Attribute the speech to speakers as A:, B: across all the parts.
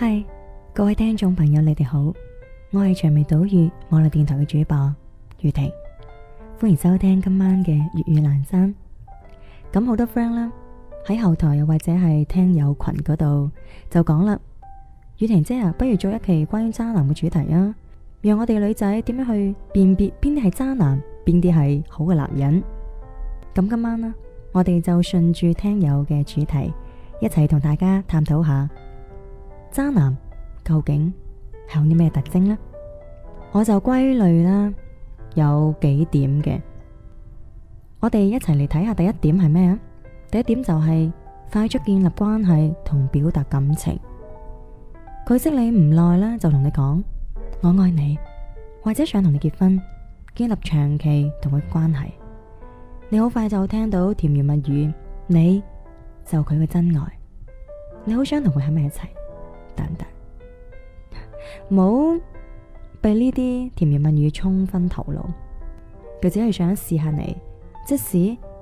A: 係、hey，各位聽眾朋友，你哋好，我係長尾島嶼網絡電台嘅主播雨婷，歡迎收聽今晚嘅粵語闌珊。咁好多 friend 啦，喺後台又或者係聽友群嗰度就講啦，雨婷姐啊，不如做一期關於渣男嘅主題啊，讓我哋女仔點樣去辨別邊啲係渣男，邊啲係好嘅男人。咁今晚呢，我哋就順住聽友嘅主題，一齊同大家探討下。渣男究竟係有啲咩特徵呢？我就歸類啦，有幾點嘅，我哋一齊嚟睇下。第一點係咩啊？第一點就係快速建立關係同表達感情。佢識你唔耐啦，就同你講我愛你，或者想同你結婚，建立長期同佢關係。你好快就聽到甜言蜜語，你就佢嘅真愛，你好想同佢喺埋一齊。等等，唔好被呢啲甜言蜜語沖昏頭腦。佢只係想試下你，即使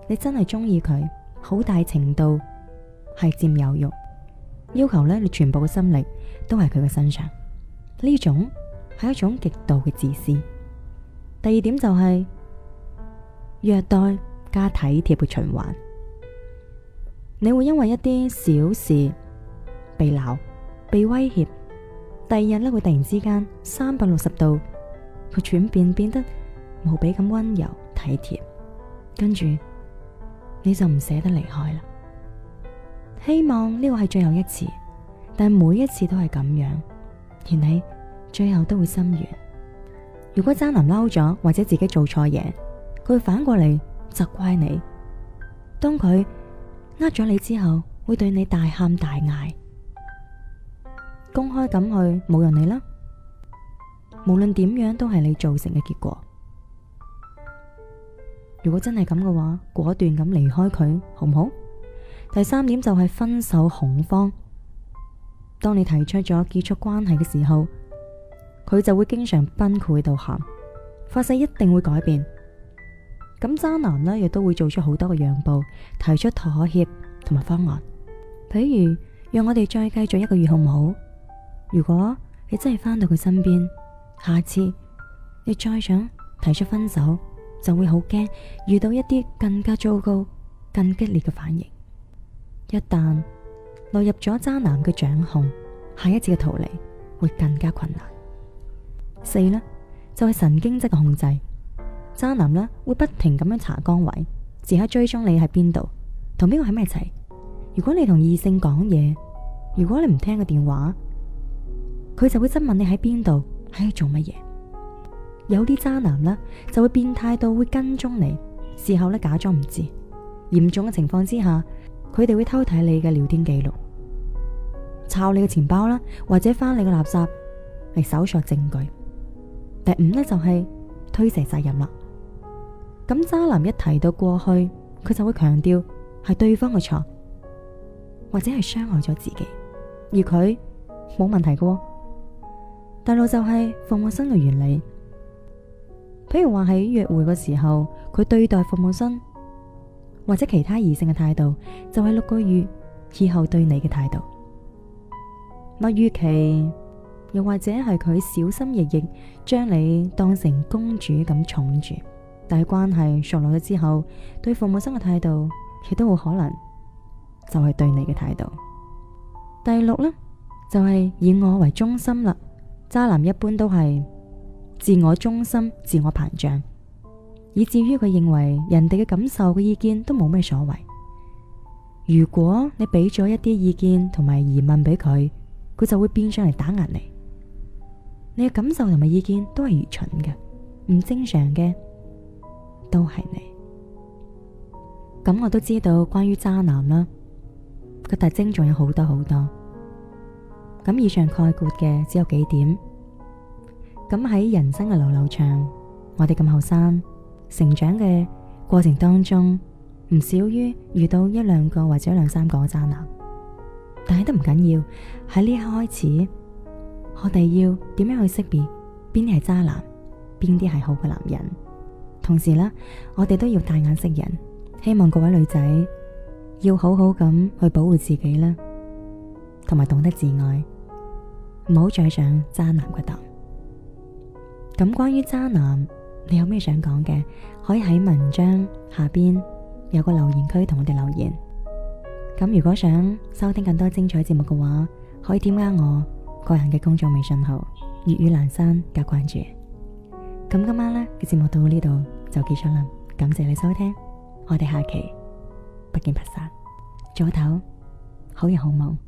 A: 你真係中意佢，好大程度係佔有慾，要求咧你全部嘅心力都喺佢嘅身上。呢種係一種極度嘅自私。第二點就係虐待加體貼嘅循環，你會因為一啲小事被鬧。被威脅，第二日咧會突然之間三百六十度佢轉變，變得無比咁溫柔體貼，跟住你就唔捨得離開啦。希望呢個係最後一次，但每一次都係咁樣，而你最後都會心軟。如果渣男嬲咗或者自己做錯嘢，佢會反過嚟責怪你。當佢呃咗你之後，會對你大，大喊大嗌。公開咁去冇人理啦。無論點樣都係你造成嘅結果。如果真係咁嘅話，果斷咁離開佢，好唔好？第三點就係分手恐慌。當你提出咗結束關係嘅時候，佢就會經常崩潰到喊，發誓一定會改變。咁渣男呢，亦都會做出好多嘅讓步，提出妥協同埋方案，比如讓我哋再繼續一個月，好唔好？如果你真係翻到佢身邊，下次你再想提出分手，就會好驚遇到一啲更加糟糕、更激烈嘅反應。一旦落入咗渣男嘅掌控，下一次嘅逃離會更加困難。四呢，就係神經質嘅控制，渣男呢，會不停咁樣查崗位，時刻追蹤你喺邊度，同邊個喺咩一齊。如果你同異性講嘢，如果你唔聽個電話。佢就會質問你喺邊度，喺度做乜嘢？有啲渣男呢，就會變態到會跟蹤你，事後咧假裝唔知。嚴重嘅情況之下，佢哋會偷睇你嘅聊天記錄，抄你嘅錢包啦，或者翻你嘅垃圾嚟搜索證據。第五呢，就係推卸責任啦。咁渣男一提到過去，佢就會強調係對方嘅錯，或者係傷害咗自己，而佢冇問題嘅喎。第六就係服務生嘅原理，譬如話喺約會嘅時候，佢對待服務生或者其他異性嘅態度，就係、是、六個月以後對你嘅態度。蜜月期，又或者係佢小心翼翼將你當成公主咁寵住，但係關係熟落咗之後，對服務生嘅態度亦都好可能就係對你嘅態度。第六呢，就係、是、以我為中心啦。渣男一般都係自我中心、自我膨脹，以至於佢認為人哋嘅感受、嘅意見都冇咩所謂。如果你俾咗一啲意見同埋疑問俾佢，佢就會變上嚟打壓你。你嘅感受同埋意見都係愚蠢嘅、唔正常嘅，都係你。咁我都知道關於渣男啦，個特徵仲有好多好多。咁以上概括嘅只有幾點。咁喺人生嘅流流長，我哋咁後生，成長嘅過程當中，唔少於遇到一兩個或者兩三個渣男，但係都唔緊要。喺呢刻開始，我哋要點樣去識別邊啲係渣男，邊啲係好嘅男人？同時呢，我哋都要大眼識人，希望各位女仔要好好咁去保護自己啦。同埋懂得自愛，唔好再上渣男嘅當。咁關於渣男，你有咩想講嘅？可以喺文章下邊有個留言區同我哋留言。咁如果想收聽更多精彩節目嘅話，可以添加我個人嘅公眾微信號粵語闌珊加關注。咁今晚呢，嘅節目到呢度就結束啦，感謝你收聽，我哋下期不見不散。早唞，好人好夢。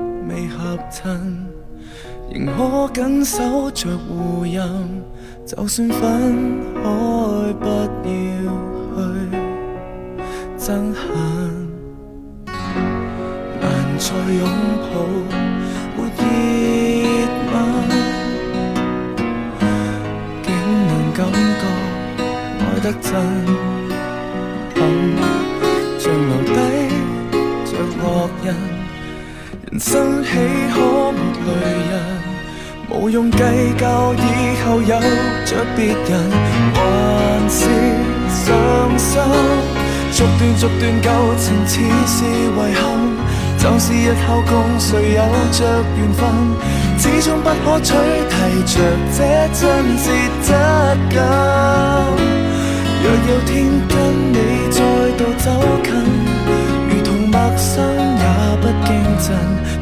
B: 未合襯，仍可緊守着護蔭。就算分開，不要去憎恨，難再擁抱沒熱吻，竟能感覺愛得真，像留低着烙印。人生豈可沒淚印？無用計較以後有着別人，還是傷心。逐段逐段舊情似是遺憾，就是日後共誰有着緣分，始終不可取替着這真摯質感。若有天跟你再度走近，如同陌生也不驚震。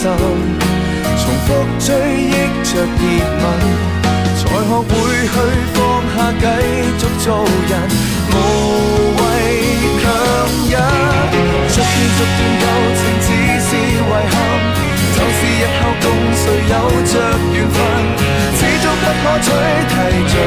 B: 心重復追憶着熱吻，才學會去放下，繼續做人，無謂強忍。逐段逐段舊情，只是遺憾，就是日後共誰有着緣分，始終不可取替。提